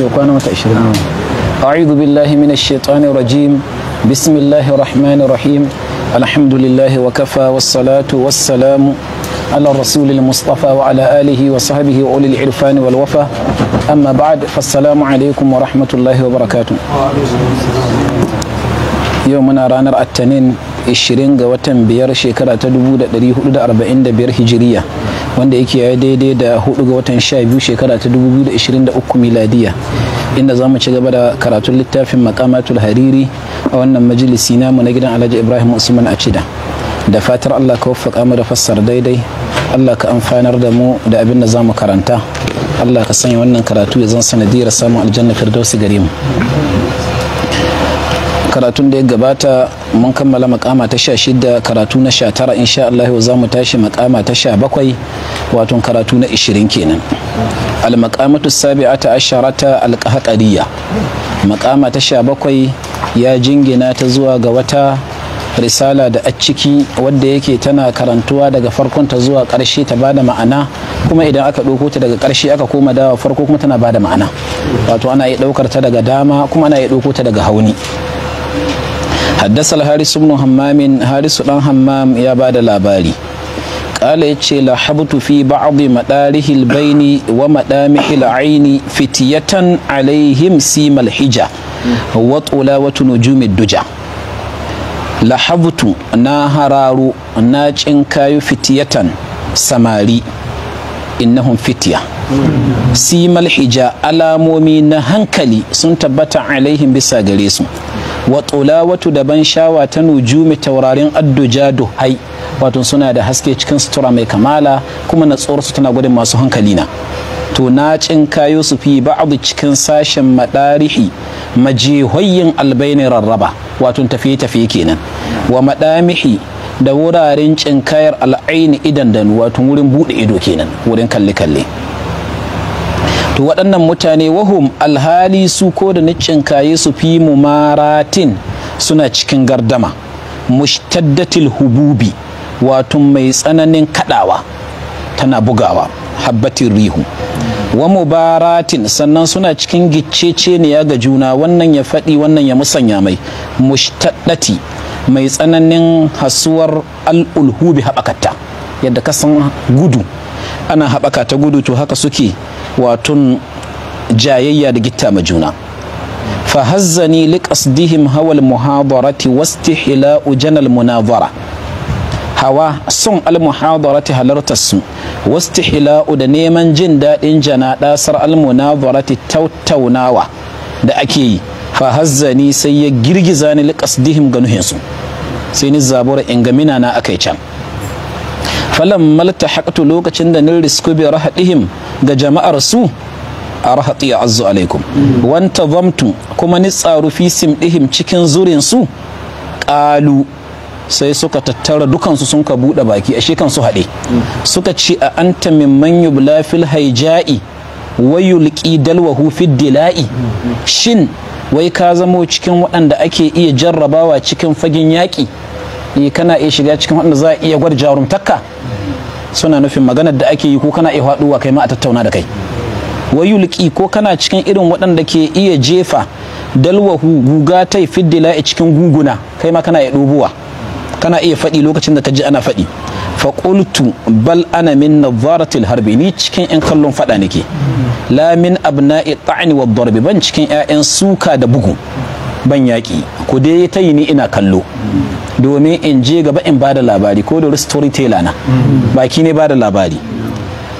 yau kwana wata 20 a'udhu billahi minash shaitani rajim bismillahir rahmanir rahim alhamdulillah wa kafa was-salatu was-salamu على الرسول المصطفى وعلى آله وصحبه وأولي العرفان والوفا أما بعد فالسلام عليكم ورحمة الله وبركاته يومنا رانر التنين 20 ga watan biyar shekara ta 1445 hijiriya wanda yake ya daidai da 4 ga watan 12 shekara ta 2023 miladiya inda za mu ci gaba da karatun littafin makamatul hariri a wannan majalisi namu na gidan alhaji ibrahim usman a cida da fatar allah ka waffaka mu da fassar daidai allah ka amfanar da mu da abin da za mu karanta allah ka sanya wannan karatu ya zan sanadiyar samun aljanna firdausi gare mu karatun da ya gabata mun kammala makama ta sha shida karatu na sha tara insha Allah za mu tashi makama ta sha bakwai wato karatu na ishirin kenan al-maqamatu sabi'ata ashara ta qahqariyya makama ta sha bakwai ya jingina ta zuwa ga wata risala da a ciki wadda yake tana karantuwa daga farkon ta zuwa karshe ta bada ma'ana kuma idan aka ɗauko ta daga karshe aka koma dawa farko kuma tana bada ma'ana wato ana iya ɗaukar ta daga dama kuma ana iya ɗauko ta daga hauni haddasa harisu ibn hammamin harisu dan hammam ya ba da labari kala yace la habtu fi ba'd madarihi baini wa madamihi aini fitiyatan alaihim simal hija wa tulawatu nujumid duja la na hararu na kayu fitiyatan samari innahum fitiya simal hija alamomi na hankali sun tabbata alaihim bisa gare su wa tsulawatu da ban shawa ta nujumi taurarin adduja hai wato suna da haske cikin sutura mai kamala kuma na su tana gudun masu hankali na to na cin kayo su fi ba'adu cikin sashen madarihi majihoyin albaini rarraba wato tafiye-tafiye kenan wa madamihi da wuraren cinkayar al'aini idan da wato wurin buɗe ido kenan wurin kalle-kalle to waɗannan mutane wahum alhali su ko da kaye su fi mu maratin suna cikin gardama mushtaddatil hububi wato mai tsananin kadawa tana bugawa habbatin rihu wa mubaratin sannan suna cikin giceceniya ne ya ga juna wannan ya faɗi wannan ya musanya mai mushtaddati mai tsananin hasuwar al'ulhubi haɓakata yadda ka san gudu ana haɓaka ta gudu to haka suke watun jayayya da gitta ma juna fa hazzani hawal muhadarati wastihla'u janal munazara hawa sun almuhadarati halartar su wastihila'u da neman jin daɗin jana ɗasar almunazarati tattaunawa da ake yi fa hazzani sai ya girgiza ni liƙasdihim ga nuhinsu sai ni zabura in ga mina na akai can falan malta haƙatu lokacin da nil risku bi rahadihim ga jama'ar su a rahatu ya azu alaikum wanta zamtu kuma ni tsaru fi simdihim cikin zurin su ƙalu sai suka tattara dukansu sun ka buɗe baki ashe kan su haɗe suka ce a anta mimman yubla fil haija'i wayulki dalwahu fid dila'i shin wai ka zamo cikin waɗanda ake iya jarrabawa cikin fagen yaƙi eh, kana iya shiga cikin waɗanda za a iya gwada jarumtakka suna nufin maganar da ake yi ko kana iya haɗuwa kai ma a tattauna da kai wayulki ko kana cikin irin waɗanda ke iya jefa dalwahu guga ta fiddila a cikin guguna kai ma kana iya ɗobowa kana iya faɗi lokacin da ka ji ana faɗi faƙultu bal ana min nazaratil harbi ni cikin yan kallon faɗa nake la min abna'i ta'ni wa darbi ban cikin 'ya'yan suka da bugu ban yaƙi ku dai ta yi ni ina kallo domin in je gaba in bada labari ko da storyteller na baki ne bada labari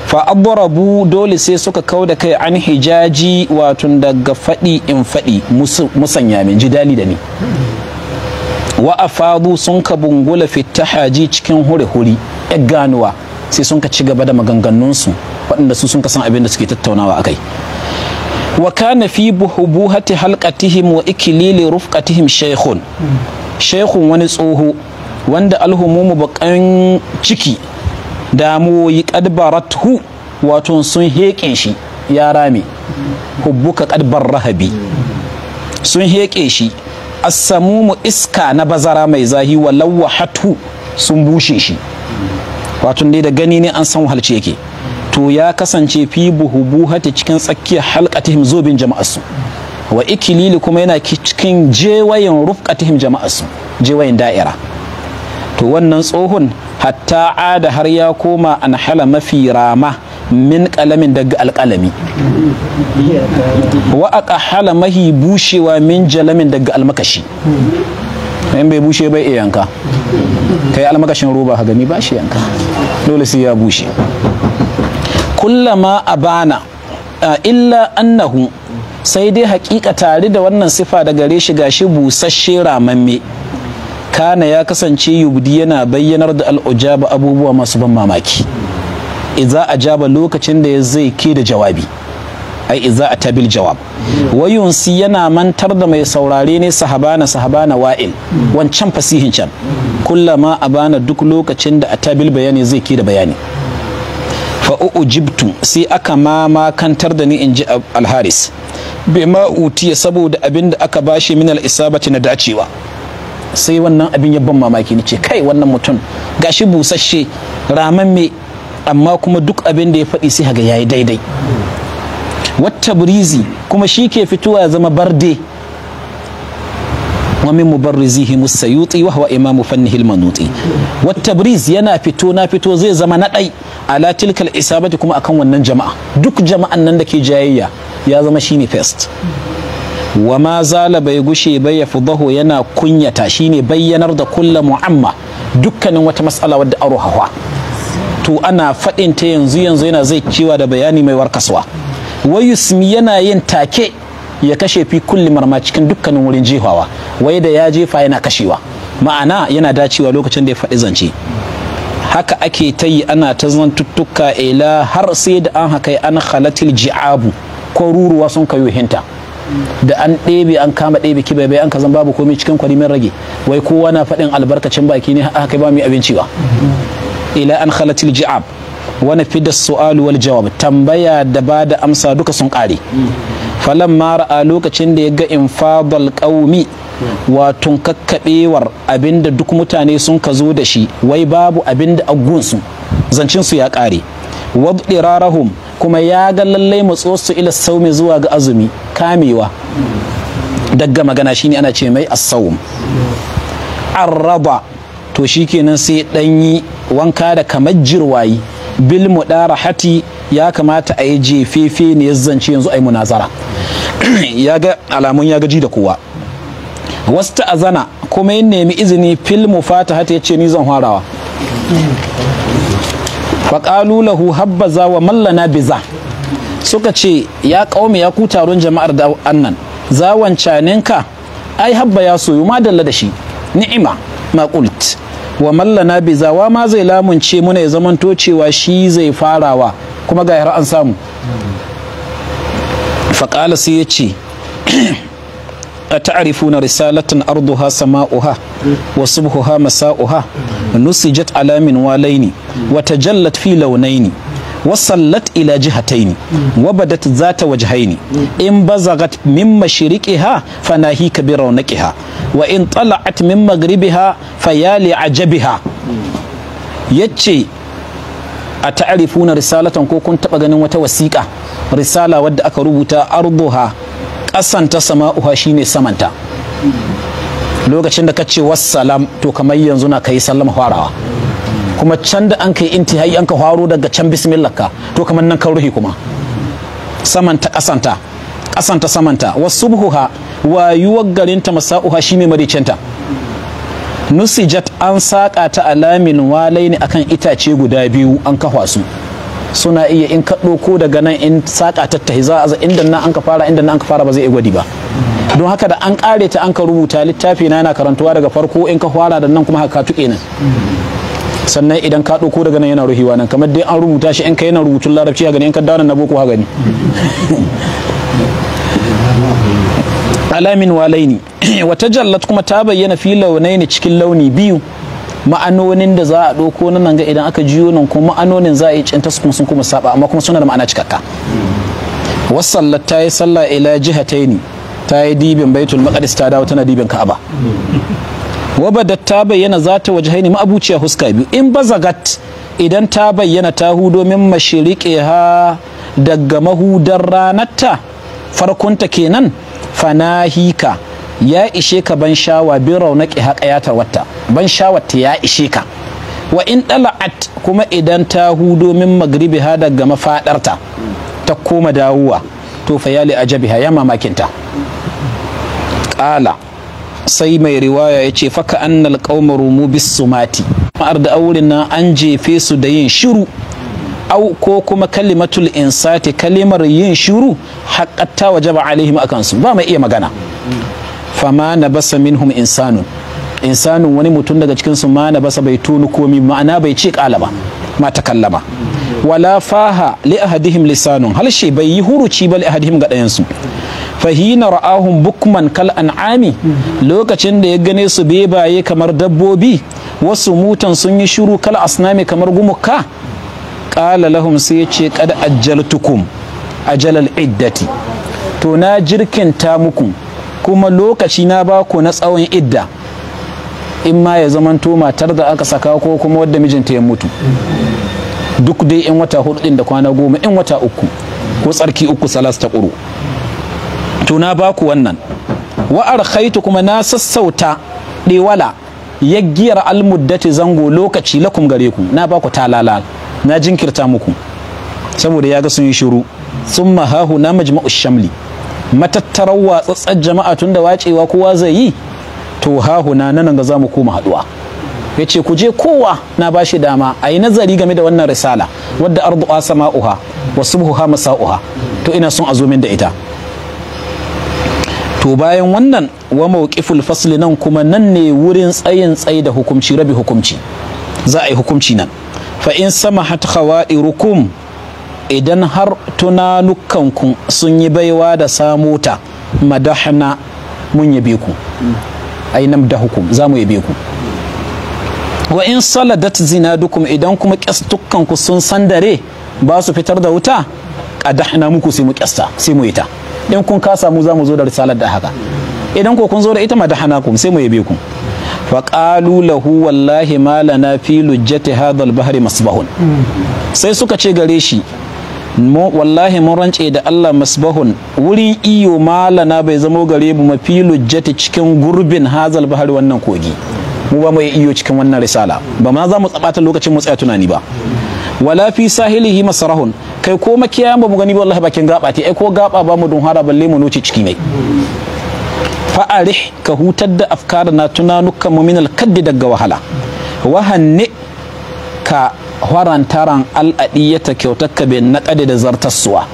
fa adrabu dole sai suka kau da kai an hijaji watun daga faɗi in faɗi musanya min dali da ni wa afadu sun ka bungula haji cikin huri-huri ya ganuwa sai sun ka ci gaba da maganganunsu waɗanda su sun ka san abin da suke tattaunawa a kai wa kana fi hati halqatihim wa ikilili rufƙatihim shaykhun shaykhun wani tsoho wanda alhumumu baƙan ciki damuwoyi kadbaratu wato sun heƙe shi ya rame hubbuka kadbar rahabi sun heƙe shi asamumu iska na bazara mai zahi walau hatu sun bushe shi wato dai da gani ne an san halce yake to ya kasance fi buhubuhati cikin tsakiyar halqatihim zobin jama'asu wa ikilili kuma yana cikin jewayen rufqatihim jama'asu jewayen da'ira to wannan tsohon hatta ada har ya koma an hala mafi rama min kalamin daga alkalami wa aka hala mahi bushewa min jalamin daga almakashi in bai bushe bai iya yanka kai almakashin roba ha gani ba shi yanka dole sai ya bushe kullama abana illa annahu sai dai hakika tare da wannan sifa da gare shi gashi busasshe ramamme kana ya kasance yubdi yana bayyanar da al'ujaba abubuwa masu ban mamaki idza ajaba lokacin da ya zai ke da jawabi ai idza atabil jawab wayunsi yana mantar da mai saurare ne sahabana sahabana wa'il wancan fasihin can kullama abana duk lokacin da atabil bayani zai ke da bayani fa jibtu sai aka mamakantar da ni in ji alharis bai utiya saboda abin da aka bashi min al-isabati na dacewa sai wannan abin ya ban mamaki ni ce kai wannan mutum gashi busasshe raman me amma kuma duk abin da ya faɗi sai haga yayi daidai wata burizi kuma shi ke fitowa ya zama barde ومن مبرزهم السيوطي وهو إمام فنه المنوطي والتبريز ينا فتو نا فتو زي زمان أي على تلك الإصابة كما أكون ونن جماعة دك جماعة نندك جاية يا زمشيني فيست wa ma zala bai gushe bai ya baho yana kunyata shine bayyanar da kulla mu'amma dukkanin wata matsala wadda aro hawa to ana faɗin ta yanzu yanzu yana zai cewa da bayani mai warkaswa wayusmi yana yin take ya kashe fi kulli marma cikin dukkanin wurin jefawa wai da ya jefa yana kashewa ma'ana yana dacewa lokacin da ya faɗi zance haka ake ta yi ana ta zan tuttuka ila har sai da an haka an halatil ji'abu ko ruruwa sun kayo hinta da an ɗebe an kama ɗebe bai an kazan babu komai cikin kwari min rage wai kowa na faɗin albarkacin baki ne haka ba mu abinci ba ila an halatil ji'ab wani fi da su'alu wal jawab tambaya da ba da amsa duka sun ƙare falan mara a lokacin da ya ga infadal ƙaumi watun kakkaɓewar abinda duk mutane sun ka zo da shi wai babu abinda aggunsu zancin zancinsu ya kare rarahum kuma ya ga lallai matsosu ila saumi zuwa ga azumi kamewa daga magana shine ana ce mai as an raba to shi kenan sai ɗanyi wanka da kamar jirwayi bil hati ya kamata a yi jefefe ne ya zance yanzu a yi munazara ya ga alamun ya gaji da kowa wasu azana kuma yin nemi izini fil hata ya ce ni zan harawa. faƙalu habba habbaza wa mallana biza suka ce ya ƙaume ya ku taron jama'ar da annan caninka. ai habba ya soyu ma dalla da shi ni'ima ma ƙult wa mallana bizawa ma zai lamunce muna ya zamanto cewa shi zai farawa kuma ga har an samu faƙala sai ya ce a na risalatin arduha sama'uha wa subhuha masa'uha nusijat alamin walaini wa tajallat fi launaini wasallat ila jihataini wa badat zata wajhaini in bazagat min mashriqiha fanahika bi raunaqiha wa in tala'at min maghribiha fayali ajabiha yace a ta'arifuna risalatan ko kun taba ganin wata wasiƙa risala wadda aka rubuta arduha ƙasanta sama'uha shine samanta lokacin da ka ce wassalam to kamar yanzu na kai sallama farawa kuma can da an kai intihai an ka haro daga can ka to kamar nan kan ruhi kuma samanta kasanta kasanta samanta wa wayuwar garinta masa'uha shi shine maricinta nusijat an saƙa ta alamin walai ne akan itace guda biyu an kafa su suna iya in ka ko daga nan in saƙa ta tahi za a inda nan an ka fara inda nan an ka fara ba zai iya gwadi ba don haka da an ƙare ta an ka rubuta littafi na yana karantuwa daga farko in ka fara da nan kuma haka tuƙe nan sannan idan ka ɗauko daga nan yana ruhiwa nan kamar dai an rubuta shi in ka yana rubutun larabci a gani in ka dana na boko ha gani alamin walaini wata jallat kuma ta bayyana fi launai cikin launi biyu ma'anonin da za a ɗauko na nan ga idan aka jiyo nan kuma ma'anonin za a yi cinta su kuma sun kuma saba amma kuma suna da ma'ana cikakka wasallat ta yi sallah ila jihataini ta yi dibin baitul maqdis ta dawo tana dibin ka'aba wa wabadat ta bayyana za ta waje haini ma'abuciya huska biyu in ba zagat idan ta bayyana ta hudo min mashirike ha daga mahudar ranarta farkonta kenan fanahika ya ishe ka ban shawa bin ha haƙayatar watta ban shawarta ya ishe ka wa in ɗala'at kuma idan ta hudo min magribi ha daga mafaɗarta ta koma dawowa to fa yali ajabiha ya mamakinta ƙala sai mai riwaya ya ce faka annal kaumaru rumu bis sumati ma'ar da aurin nan an jefe su da yin shiru au ko kuma kalimatul insati kalimar yin shiru haƙatta wa jaba alaihim akan su ba mai iya magana fama na basa minhum insanun insanun wani mutum daga cikin su ma na basa bai tunu komi ma'ana bai ce ƙala ba ma ta kallama wala faha li ahadihim lisanun halshe bai yi huruci ba li ahadihim ga ɗayansu fahina ra'ahum bukman kal an'ami lokacin da ya gane su bebaye kamar dabbobi wasu mutan sun yi shiru kal asnami kamar gumuka qala lahum sai ce kad ajjaltukum ajalal iddati to na jirkinta muku kuma lokaci na baku na tsawon idda in ma ya zamanto matar da aka saka ko kuma wadda mijinta ya mutu duk dai in wata hudu da kwana goma in wata uku ko tsarki uku salas ta ƙuru to na baku wannan wa'ar arkhaitu kuma na sassauta ɗewala yaggiyar almuddati zango lokaci lakum gare ku na baku talala na jinkirta muku saboda ya ga sun yi shiru sun mahahu na majma'u shamli matattarar watsatsar jama'a tun da wacewa kowa zai yi to hahu na nan ga za mu koma haɗuwa ya ce ku je kowa na ba shi dama a yi nazari game da wannan risala wadda ardu'a sama'uha wasu masa masa'uha to ina sun a zo min da ita to bayan wannan wa mawqiful fasli nan kuma nan ne wurin tsayin tsayi da hukumci rabi hukumci za a yi hukumci nan fa in sama samahat irukum idan har tunanukanku sun yi baiwa da samo ta madahna mun yabe ku da hukum za mu yabe ku wa in saladat zinadukum idan kuma kyastukkanku sun sandare ba su fitar da wuta kadahna muku sai mu kyasta sai mu ita in kun kasa mu zamu zo da risalar da haka idan ko kun zo da ita ku sai mu yabe ku fa qalu lahu wallahi ma lana fi lujjati hadha bahri masbahun sai suka ce gare shi wallahi mun rance da Allah masbahun wurin iyo malana bai zamo gare mu mafi lujjati cikin gurbin hazal bahari wannan kogi mu ba mu iyo cikin wannan risala ba ma za mu tsabata lokacin mu tsaya tunani ba wala fi sahilihi masrahun kai ko makiyayan ba mu gani wallahi bakin gaba te ai ko gaba ba mu don hara balle mu noce ciki ne fa'arih ka hutar da afkar na tunanukan mu min alkaddi daga wahala wahanni ka kyautar al'adiyyata kyautakka bin naqadi da zartassuwa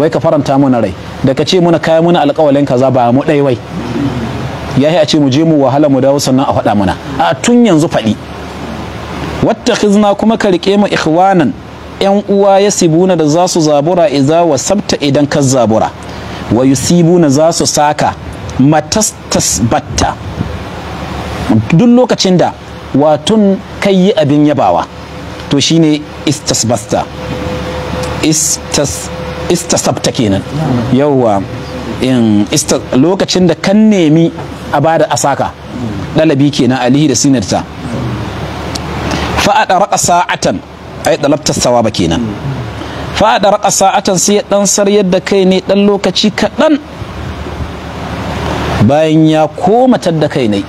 wai ka faranta mana rai da ka ce muna kaya muna alƙawalin kaza ba mu dai wai ya a ce mu je mu wahala mu dawo sannan a faɗa mana. a tun yanzu faɗi wata kuma ka riƙe mu ikhwanan 'yan uwa ya sibuna da za su zabura iza wa sabta idan ka zabura wa sibuna za su saka matastas batta duk lokacin da watun kai yi abin yabawa to shine istasbasta istas istasabta kenan yauwa in lokacin da kan nemi a bada asaka ɗalabi kenan alihi da sinarta fa a sa'atan ai dalabtar sawaba kenan fa da raka sa'atan sai ya dan saryar da kai ne ɗan lokaci kaɗan bayan ya komatar da kai ne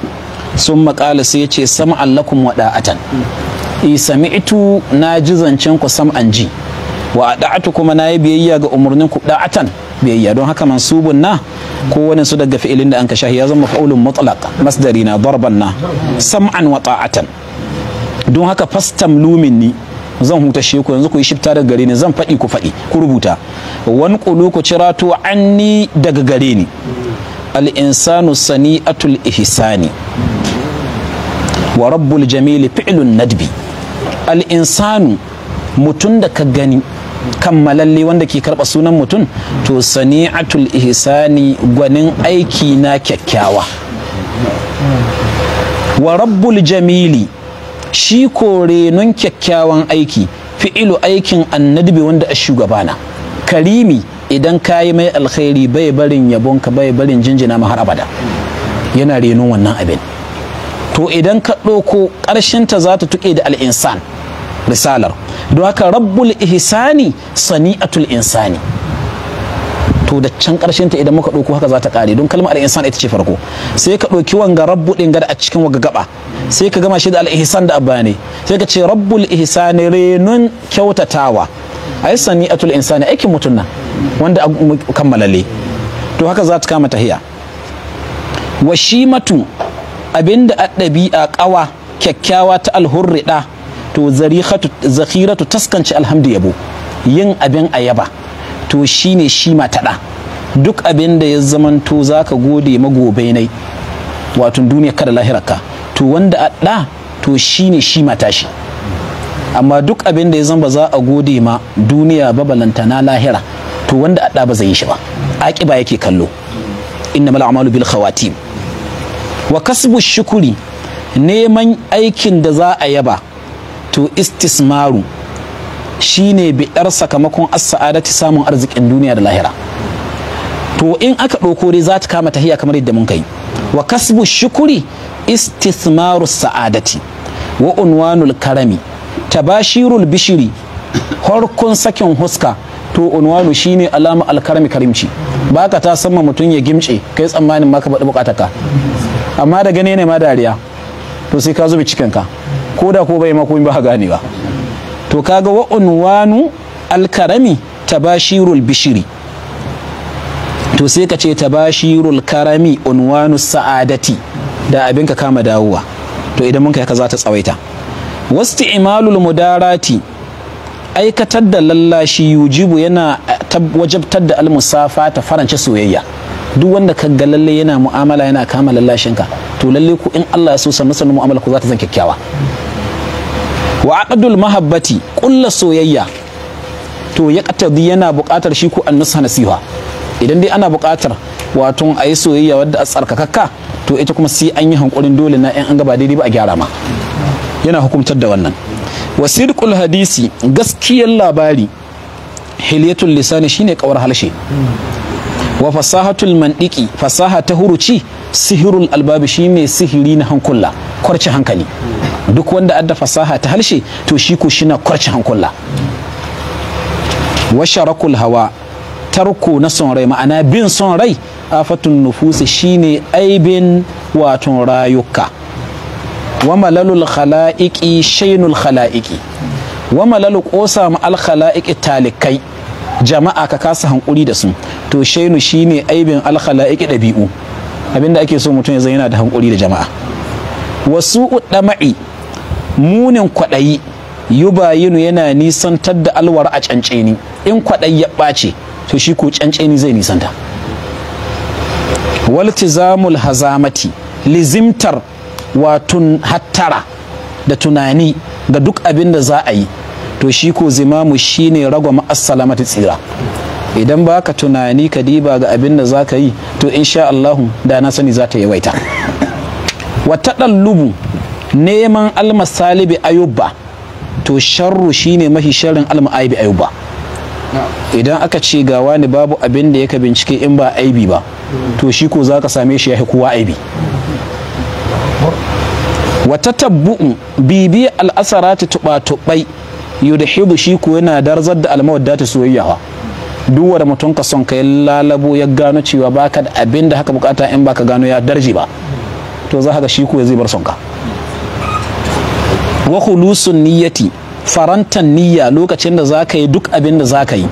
sun maƙala sai ya ce sama allakum wa da'atan sami'tu na ji zancen ku sam'an ji wa da'atu kuma na yi biyayya ga umarnin ku da'atan biyayya don haka mansubun na ko wani su daga fi'ilin da an ka shahi ya zama fa'ulun mutlaq masdari na na sam'an wa ta'atan don haka fastamlu minni zan huta sheku yanzu ku yi shifta daga gare ni zan faɗi ku faɗi ku rubuta wani ƙulu ku cirato anni daga gare ni al'insanu sani'atul ihsani wa rabbul jamil fi'lun nadbi al insanu mutum da ka gani kammalalle wanda ke karɓa sunan mutum to sani'atul ihsani gwanin aiki na kyakkyawa wa rabbul jamili shi ko renon kyakkyawan aiki Fi ilu aikin annabi wanda a shugabana karimi idan ka yi mai alkhairi bai barin yabonka bai barin jinjina ma har abada yana renon wannan abin to idan ka ɗauko ƙarshenta za ta tuƙe da al'insan risalar don haka rabbul ihsani sani'atul insani to da can karshen ta idan muka ɗauko haka za ta ƙare don kalmar al'insan ita ce farko sai ka ɗauki wanga rabbu ɗin gada a cikin waga gaba sai ka gama shi da al'ihisan da da ne sai ka ce rabbul ihsani renun kyautatawa a ai atul insani aikin mutum nan wanda kammalale to haka za ta kama tahiya washimatu abinda a ɗabi'a ƙawa kyakkyawa ta alhurriɗa to zakhiratu taskanci alhamdu yabo yin abin a yaba to shi ne shi mataɗa duk abin da ya zamanto ka gode magobe nai wato duniya kada lahirarka to wanda a ɗa to shi ne shi mata shi amma duk abin da ya zama za a gode ma duniya babalanta na lahira to wanda a ɗa ba zai yi shi ba ba yake kallo inna mala amalu bil khawatim wa kasbu shukuri neman aikin da za a yaba to istismaru shine biɗar sakamakon as-sa'adati samun arzikin duniya da lahira to in aka ɗauko dai za ta kama tahiya kamar yadda mun kai wa kasbu shukuri istithmaru sa'adati wa unwanul karami tabashirul bishiri harkun sakin huska to unwanu shine alama alkarami karimci baka ta san mutum ya gimce kai tsammanin ma ka faɗi bukatarka amma da gane ne ma dariya to sai ka zube cikinka ko da ko bai ma komai ba gane ba to kaga wa unwanu alkarami tabashirul bishiri to sai ka ce tabashirul karami unwanu sa'adati da abin ka kama dawowa to idan mun kai ka za ta tsawaita wasti'malul mudarati aikatar da lallashi yujibu yana wajabtar da almusafa ta farance soyayya duk wanda ka ga lalle yana mu'amala yana kama lallashinka to lalle ku in Allah ya so sa masa mu'amala ku za ta zan kyakkyawa wa aqdul mahabbati ƙulla soyayya to ya yana buƙatar shi ku an nasiha idan dai ana buƙatar wato a yi soyayya wadda a tsarkakakka to ita kuma sai an yi hankulin dole na yan an gaba daidai ba a gyara ma yana hukumtar da wannan wasidqul hadisi gaskiyar labari hilyatul lisani shine kawar halshe wa fasahatul mandiki fasaha ta huruci sihirul albabi shine sihiri na hankula kwarci hankali duk wanda adda fasaha ta halshe to shi ko shina kwarci hankula wa sharakul hawa tarko na son rai ma'ana bin son rai afatun nufusi shine aibin waton rayuka wa malalul khala'iki shainul khala'iki wa malalul kosa al talikai jama'a ka kasa hankuri da su to shainu shine aibin al khala'iki dabi'u abinda ake so mutum ya zai yana da hankuri da jama'a wasu uɗama'i munin kwaɗayi yubayinu yana nisantar da alwar a canceni in kwaɗayi ya ɓace to shi ko canceni zai nisanta waltizamul hazamati lizimtar watun hattara da tunani ga duk abin da za a yi to shi ko zimamu shine ragwama assalamati tsira idan ba ka tunani ka diba ga abin da za ka yi to insha Allahu da na sani za ta yawaita wata ɗallubu neman almasalibi ayuba to sharru shine mafi sharrin alma'aibi ayuba. idan aka ce ga wani babu abin da yaka bincike in ba aibi ba to shi ko za ka same shi ya kuwa aibi wata tabbu'un bibi al'asarati tuba-tubai yudhibu shi ko yana darzar da almawadda ta soyayyawa duk wanda mutum ka son ka lalabo ya gano cewa baka da abin da haka bukata in baka gano ya darje ba to za ka ga shi ko zai bar son ka wa khulusun niyyati farantan niyya lokacin da za ka yi duk abin da za ka yi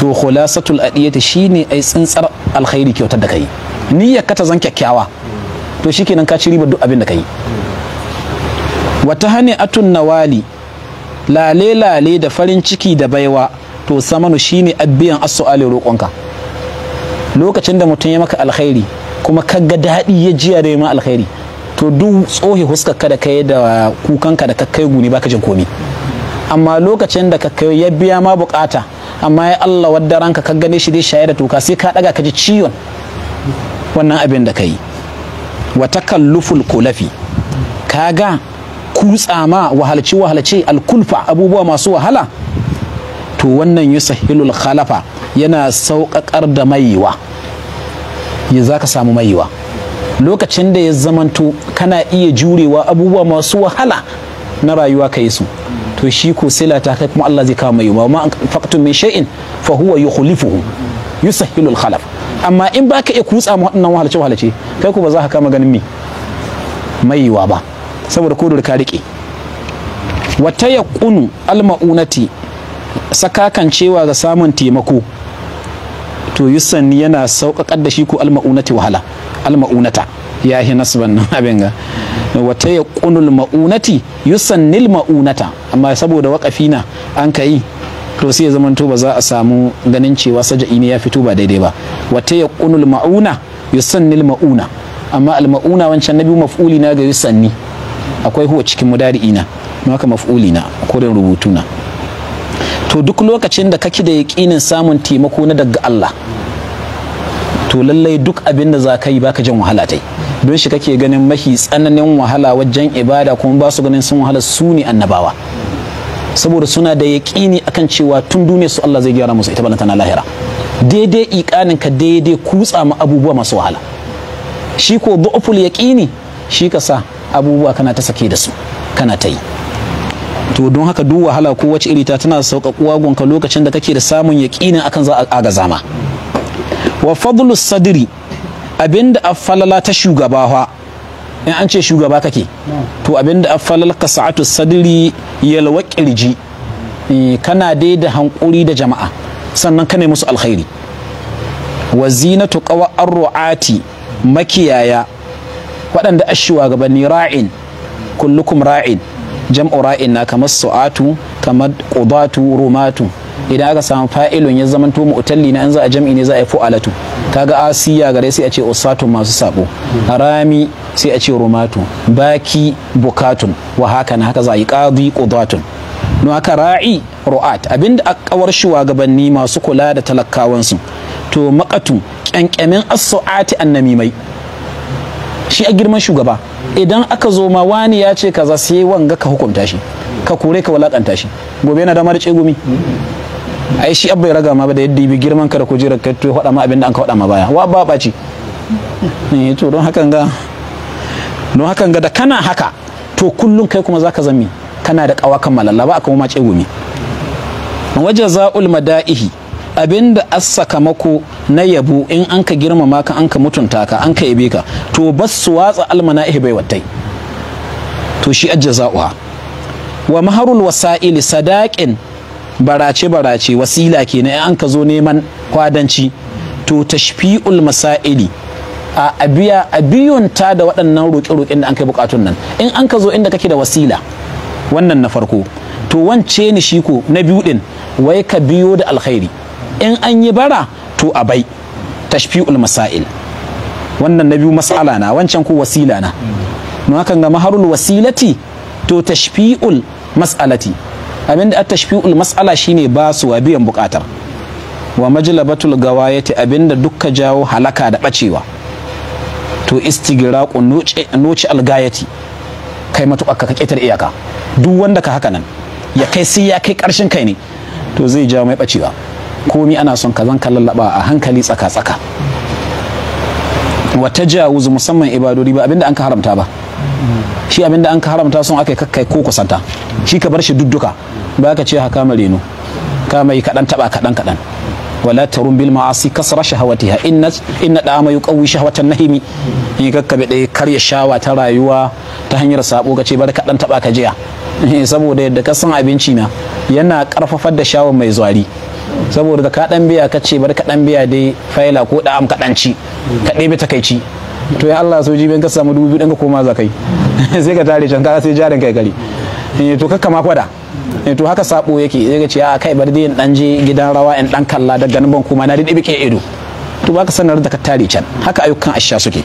to khulasatul adiyati shine ai tsintsar alkhairi kyautar da kai niyyar ka ta zan kyakkyawa to shikenan ka ci riba duk abin da kai wata hane atun nawali lale lale da farin ciki da baiwa to samanu shine abbiyan as-su'ali roƙonka lokacin da mutum ya maka alkhairi kuma ka ga daɗi ya jiya da ya ma alkhairi to duk tsohi huskar ka da kai da kukanka da kakkai guni baka jin komi amma lokacin da ka kai ya biya ma bukata amma ya Allah wadda ranka ka gane shi dai shaye da tuka sai ka daga ka ji ciwon wannan abin da ka yi wa takalluful kulafi ga kutsa ma wahalci wahalci alkulfa abubuwa masu wahala to wannan yusahilul khalafa yana sauƙaƙar da maiwa ya za ka samu maiwa lokacin da ya zamanto kana iya jurewa abubuwa masu wahala na rayuwa ka yi su to shi ko sila ta kai kuma Allah zai kawo mai yuma ma faqtu min shay'in fa huwa yukhlifuhu yusahhilul khalaf amma in baka iya kutsa mu waɗannan wahalce wahalce kai ko ba za ka kama ganin mi mai yiwa ba saboda kodur ka rike wata yaqunu almaunati sakakan cewa ga samun taimako to yusanni yana sauƙaƙar da shi ko almaunati wahala almaunata ya hi nasban abin ga wata ya kunul ma'unati nil ma'unata amma saboda waƙafi na an kai to sai ya zamanto ba za a samu ganin cewa saja ne ya fito ba daidai ba wata ya kunul ma'una nil ma'una amma alma'una wancan na biyu maf'uli na ga ni akwai huwa cikin mudari'ina na haka maf'uli na kodin rubutu na to duk lokacin da kake da yaƙinin samun taimako na daga Allah to lallai duk abin da za ka yi baka jin wahala yi. don shi kake ganin mafi tsananin wahala wajen ibada kuma ba su ganin sun wahala su ne annabawa saboda suna da yaƙini akan cewa tun duniya su Allah zai gyara musu ita balantana lahira daidai ikanin ka daidai kutsa ma abubuwa masu wahala shi ko du'uful yaƙini shi ka sa abubuwa kana ta sake da su kana ta yi to don haka duk wahala ko wace iri ta tana sauƙaƙuwa gonka lokacin da kake da samun yaƙinin akan za a agaza ma wa fadlu sadri abinda afalala ta shugaba fa in an ce shugaba kake to abinda afalala ka sa'atu sadri yalwa kirji eh, kana dai da hankuri da jama'a sannan ka musu alkhairi wa zinatu qawa arruati makiyaya waɗanda a shugabanni ra'in kullukum ra'in jam'u ra'in na kamar su'atu kamar qudatu rumatu idan aka samu fa'ilun ya zama to mu'talli na in za a jam'i ne za a yi fu'alatu kaga asiya gare sai a ce usatu masu sabo rami sai a ce rumatu baki bukatun wa haka na haka za a yi qadi qudatun no aka ra'i ru'at abinda a kawar shugabanni masu kula da su to makatu kyankyamin as-su'ati annamimai shi a girman shugaba idan aka zo ma wani ya ce kaza sai wanga ka hukunta shi ka kore ka walakanta shi gobe na da marce gumi ai shi ya raga ma ba da yadda bi girman ka da ka to faɗa ma abin da an ka faɗa ma baya wa ba ɓaci eh to don hakan ga don hakan ga da kana haka to kullun kai kuma zaka zami kana da kawa kan malalla ba aka ma ce gumi wajaza'ul mada'ihi abinda as sakamako na yabo in an ka girmama ka an ka mutunta ka an ka yabe ka to bas su watsa almana'ihi bai wattai to shi ajjaza'uha wa maharul wasa'ili sadaqin barace barace wasila kenan an ka zo neman kwadanci to tashfi'ul masaili a abiya ta da waɗannan roƙe-roƙen da an kai buƙatun nan in an ka zo inda kake da wasila wannan na farko to wance ni shi ko na biyu din wai ka biyo da alkhairi in an yi bara to a bai tashfi'ul masail wannan na biyu mas'ala na wancan ko wasila na don hakan ga maharul wasilati to tashfi'ul mas'alati abinda a tashfi'ul mas'ala shine ba su wa biyan bukatar wa majlabatul gawayati abinda dukka jawo halaka da bacewa to istigraqu nuci algayati kai matuƙa ka ƙetar iyaka duk wanda ka haka nan ya kai sai ya kai ƙarshen kai ne to zai jawo mai bacewa komi ana son ka zan ka lallaba a hankali tsaka-tsaka wata jawuzu musamman ibadodi ba abinda an ka haramta ba shi abinda an ka haramta sun aka kakkai ko kusanta shi ka bar shi dudduka ba ka ce haka mare no ka mai kadan taba kadan kadan wala tarun bil ma'asi kasra shahawatiha inna inna da ma yuqawi shahwatan nahimi in kakkabe dai karya shawa ta rayuwa ta hanyar sabo ce bar kaɗan taba ka jiya saboda yadda ka san abinci na yana karfafar da shawon mai zuwari saboda da ka dan biya ka ce bar ka dan biya dai faila ko da'am ka ci ka ɗebe takaici to ya Allah soji jibin ka samu dubu ɗan ka koma za kai sai ka tare can ka sai jarin kai gari eh, to kakka ma kwada eh, to haka sabo yake sai ka ce a kai bar dai in ɗan je gidan rawa in ɗan kalla daga nan ban koma na dai ɗebe ke ido to baka sanar da ka tare can haka ayyukan asha suke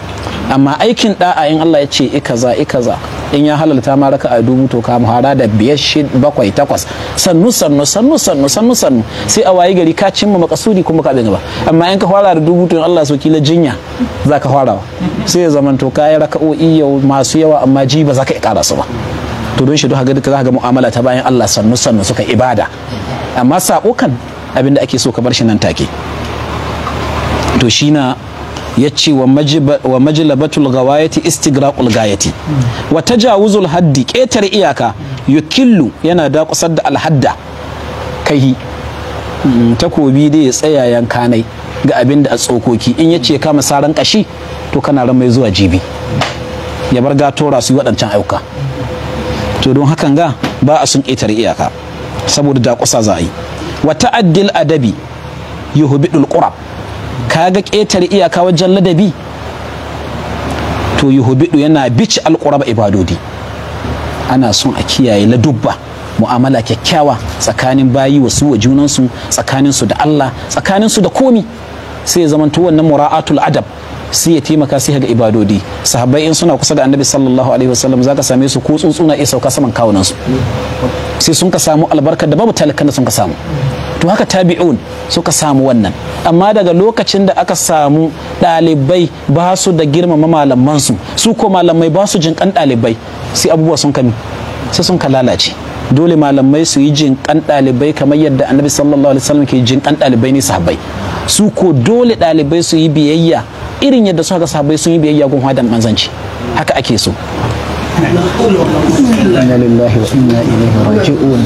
amma aikin da'a in Allah ya ce ikaza ikaza in ya halalta ma raka a dubu to ka muhara da biyar shi bakwai takwas sannu sannu sannu sannu sannu sannu sai a waye gari ka cimma makasudi kuma ka bin gaba amma in ka fara da dubu to in Allah so kila jinya za ka fara. sai ya zamanto ka yi raka'o'i yau masu yawa amma ji ba za ka ƙara su ba to don shi duk haka za ka ga mu'amala ta bayan Allah sannu sannu suka ibada amma saƙo kan abinda ake so ka bar shi nan take to shi na ya ce wa majilabatul gawayati istigraqul gayati wa tajawuzul haddi ƙetare iyaka yukillu yana dakusar da alhadda kahi mm, takobi dai ya tsaya yankanai ga abin da a tsokoki in ya ce kama saran kashi to kana ramai zuwa jibi ya bar gato rasu yi waɗancan auka to don hakan ga ba a sun ƙetare iyaka saboda dakusa za a yi wa ta'addil adabi yuhbidul qurab kaga ƙetare iyaka wajen ladabi to yuhubidu yana bici alƙuraba ibadodi ana son a kiyaye ladubba mu'amala kyakkyawa tsakanin bayi wasu wa junansu su da Allah tsakanin su da komi sai ya zamanto wannan mura'atul adab sai ya taimaka sai ga ibadodi sahabbai in suna kusa da annabi sallallahu alaihi wasallam zaka same su ko tsuntsuna iya sauka saman kawunan su sai sun ka samu albarka da babu talakan da sun ka samu to haka tabi'un suka samu wannan amma daga lokacin da aka samu ɗalibai ba su da girmama malamansu su ko malamai ba su jinkan ɗalibai sai abubuwa sun kami sai sun ka lalace dole malamai su yi jinkan ɗalibai kamar yadda annabi sallallahu alaihi wasallam ke jinkan ɗalibai ne sahabbai su ko dole ɗalibai su yi biyayya irin yadda suka sahabbai sun yi biyayya gun hadan manzanci haka ake so inna lillahi wa inna ilaihi raji'un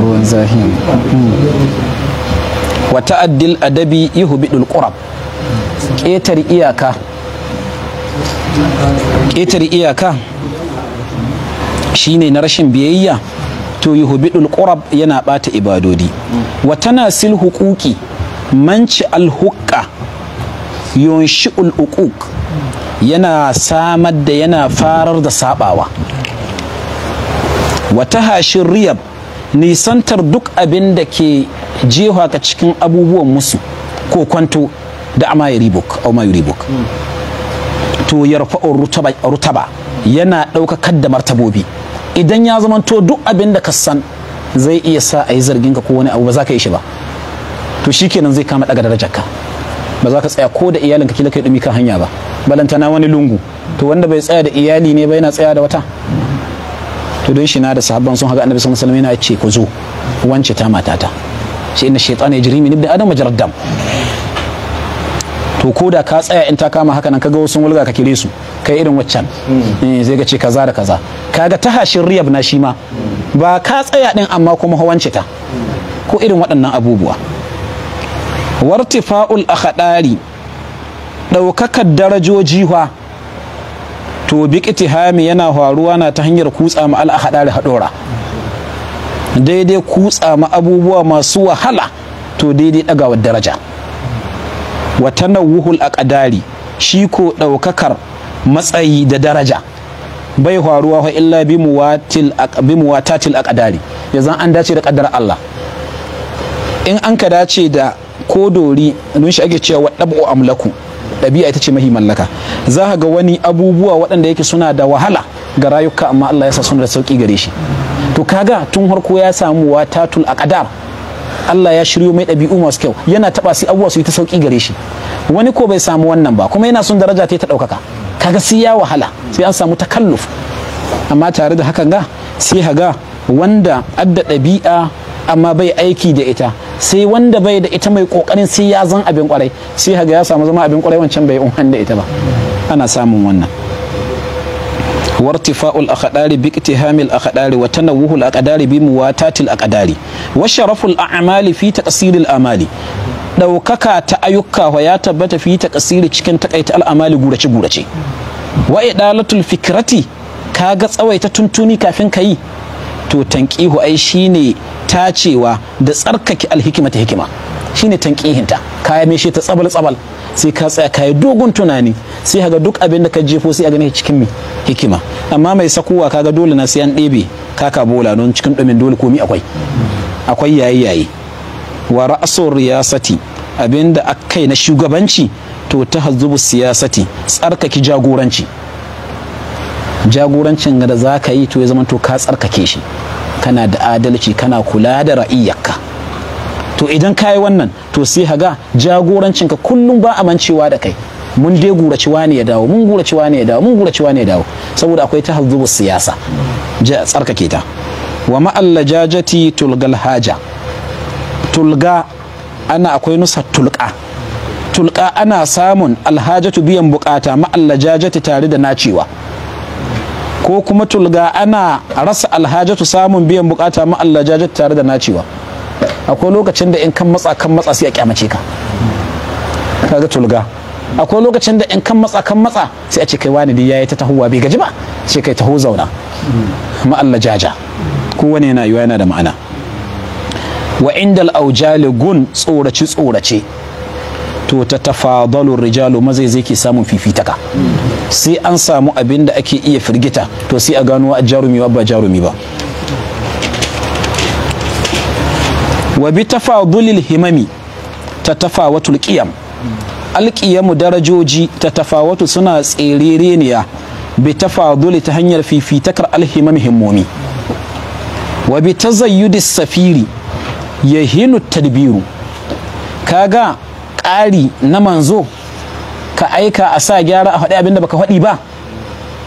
ruwan hmm. wa ta'addil adabi yuhbidul qurab ƙetar iyaka ƙetar iyaka shine na rashin biyayya to yuhbidul qurab yana bata ibadodi wa tanasil huquqi manci alhuƙa yunshi'ul uquq yana samar da yana farar da sabawa wata hashin riyab nisantar duk abin da ke jewa ka cikin abubuwan musu ko kwanto da Amayi Ribok. to rutaba yana ɗaukakar da martabobi idan ya zama to duk abin da ka san zai iya sa a yi zargin ka ko wani abu ba za ka yi shi ba to shi kenan zai kama daga darajar ka ba za ka tsaya ko da iyalinka kila kai dumi kan hanya ba balantana wani lungu to wanda bai tsaya da iyali ne ba yana tsaya da wata to don shi na da sahabban sun haka annabi sallallahu alaihi wasallam yana ce ku zo wance ta matata shi inna shaytan yajri min ibni adam majraddam to ko da ka tsaya in ta kama haka nan kaga wasu wulga ka kire su kai irin waccan hmm. eh, zai ga ce kaza da kaza kaga ta hashin riyab na shi ma hmm. ba ka tsaya din amma kuma hawance ta hmm. ko irin waɗannan abubuwa wartifa'ul akhdari daukakar darajoji wa to biqtihami yana faruwa na ta hanyar kutsa ma al haɗora daidai kutsa ma abubuwa masu wahala to daidai ɗagawar daraja wa tanawuhul aqdari shi ko ɗaukakar matsayi da daraja bai faruwa ho illa bi muwatil bi muwatatil aqdari yanzu an dace da kaddar Allah in an ka dace da kodori don shi ake cewa wadabu amlaku ɗabi'a ita ce mahi mallaka za ka ga wani abubuwa waɗanda yake suna da wahala ga rayuka amma Allah ya sa suna da sauƙi gare shi to kaga tun harko ya samu watatul aqdar Allah ya shiryo mai ɗabi'u masu kyau yana taɓa su abubuwa su yi ta sauƙi gare shi wani ko bai samu wannan ba kuma yana son daraja ta ta ɗaukaka kaga sai ya wahala sai an samu takalluf amma tare da hakan ga sai ga wanda adda ɗabi'a amma bai aiki da ita sai wanda bai da ita mai kokarin sai ya zan abin kwarai sai haga ya samu zama abin kwarai wancan bai umhan da ita ba ana samun wannan وارتفاع الأقدار باقتهام akadari وتنوه الأقدار بمواتات الأقدار وشرف الأعمال في تقصير الأمال ɗaukaka ta ayyuka wa ya tabbata fi ta kasiri cikin takaita al'amali gurace gurace wa idalatul fikrati kaga tsawaita tuntuni kafin ka yi to tanƙihu ai shine tacewa da tsarkake ta hikima shine tanƙihinta kaya mai shi ta tsabal tsabal sai ka tsaya kayi dogon tunani sai kaga duk abin da ka jefo sai a gani cikin hikima amma mai sakuwa kaga dole na sai ɗebe kaka bola don cikin ɗumin dole komi akwai akwai yayi yayi wa ra'asun riyasati abinda akai na shugabanci to ta hazzubu siyasati tsarkaki jagoranci jagorancin da za ka yi to ya zama to ka tsarkake shi kana da adalci kana kula da ra'iyyarka to idan ka yi wannan to sai haga jagorancinka kullum ba amincewa da kai mun dai guraci ne ya dawo mun guraci ne ya dawo mun guraci ne ya dawo saboda akwai ta siyasa ja tsarkake ta wa ma'alla jajati tulgal haja tulga ana akwai nusa tulka tulka ana samun alhajatu biyan bukata ma'alla jajati tare da nacewa ko kuma tulga ana rasa alhajatu samun biyan bukata ma allajajat tare da nacewa akwai lokacin da in kan matsa kan matsa sai a kyamace ka kaga tulga akwai lokacin da in kan matsa kan matsa sai a ce kai wani dai yayi ta tahuwa bai gaji ba sai kai taho zauna ma ko kowane yana yiwa yana da ma'ana wa indal aujali gun tsorace tsorace to ta tafadalu rijalu zai ke samun fifitaka sai an samu abin da ake iya firgita to sai a gano a jarumi ba jarumi ba wa bi tafadulil himami ta tafawatul qiyam alƙiyamu darajoji ta tafawatu suna tserereniya bi tafaduli ta hanyar fifitakar alhimam himmomi wa bi tazayyudis safiri yahinu tadbiru kaga tsari na manzo ka aika a sa gyara a faɗi abinda baka faɗi ba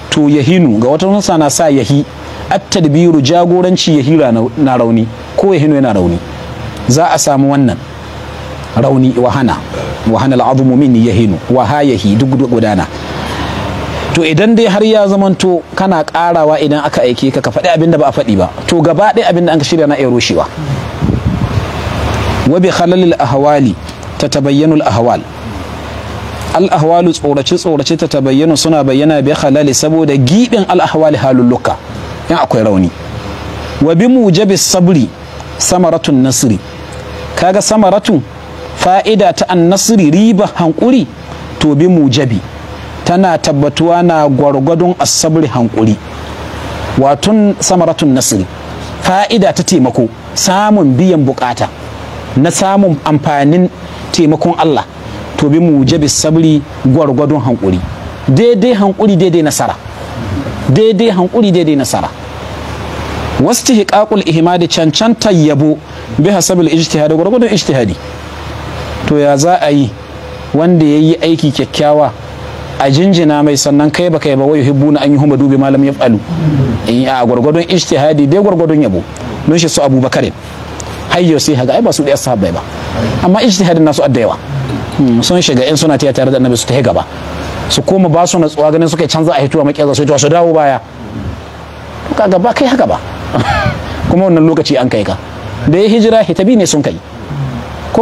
to yahinu ga wata nusa na sa yahi da jagoranci yahira na rauni ko yahinu yana rauni za a samu wannan rauni wahana wahana al'azumu min yahinu wa yahi duk gudana to idan dai har ya zamanto kana karawa idan aka aike ka ka faɗi abinda ba a faɗi ba to gaba ɗaya abinda an ka shirya na iya rushewa wa halalil khalalil ahwali ta tabayyanu al-ahwal tsorace tsorace ta tabayyanu suna bayyana bai halali saboda giɓin al'ahwal halulluka in akwai rauni wa bi mujabi sabri samaratun nasri kaga samaratun fa'ida ta annasri riba hankuri to bi mujabi tana tabbatuwa na gwargwadon asabri hankuri watun samaratun nasiri fa'ida ta taimako samun biyan bukata na samun amfanin taimakon Allah to bi mu jabi sabri gwargwadon hankuri daidai hankuri daidai nasara daidai hankuri daidai nasara wasu hiƙaƙul ihimadi cancantar yabo bi hasabil ijtihadi gwargwadon ijtihadi to ya za a yi wanda ya yi aiki kyakkyawa a jinjina mai sannan kai ba kai ba wayo hibbu na an yi huma dubi malam ya falu eh, a gwargwadon ijtihadi dai gwargwadon yabo don shi su abubakarin har yau sai haga ai ba su da sahabbai ba amma ijtihadin nasu adda yawa hmm, sun shiga in suna tiya tare da annabi su ta gaba su koma ba su natsuwa ganin suka canza a hituwa makiyar su su dawo baya kaga ba kai haka ba kuma wannan lokaci an kai ka da ya hijira hitabi ne sun kai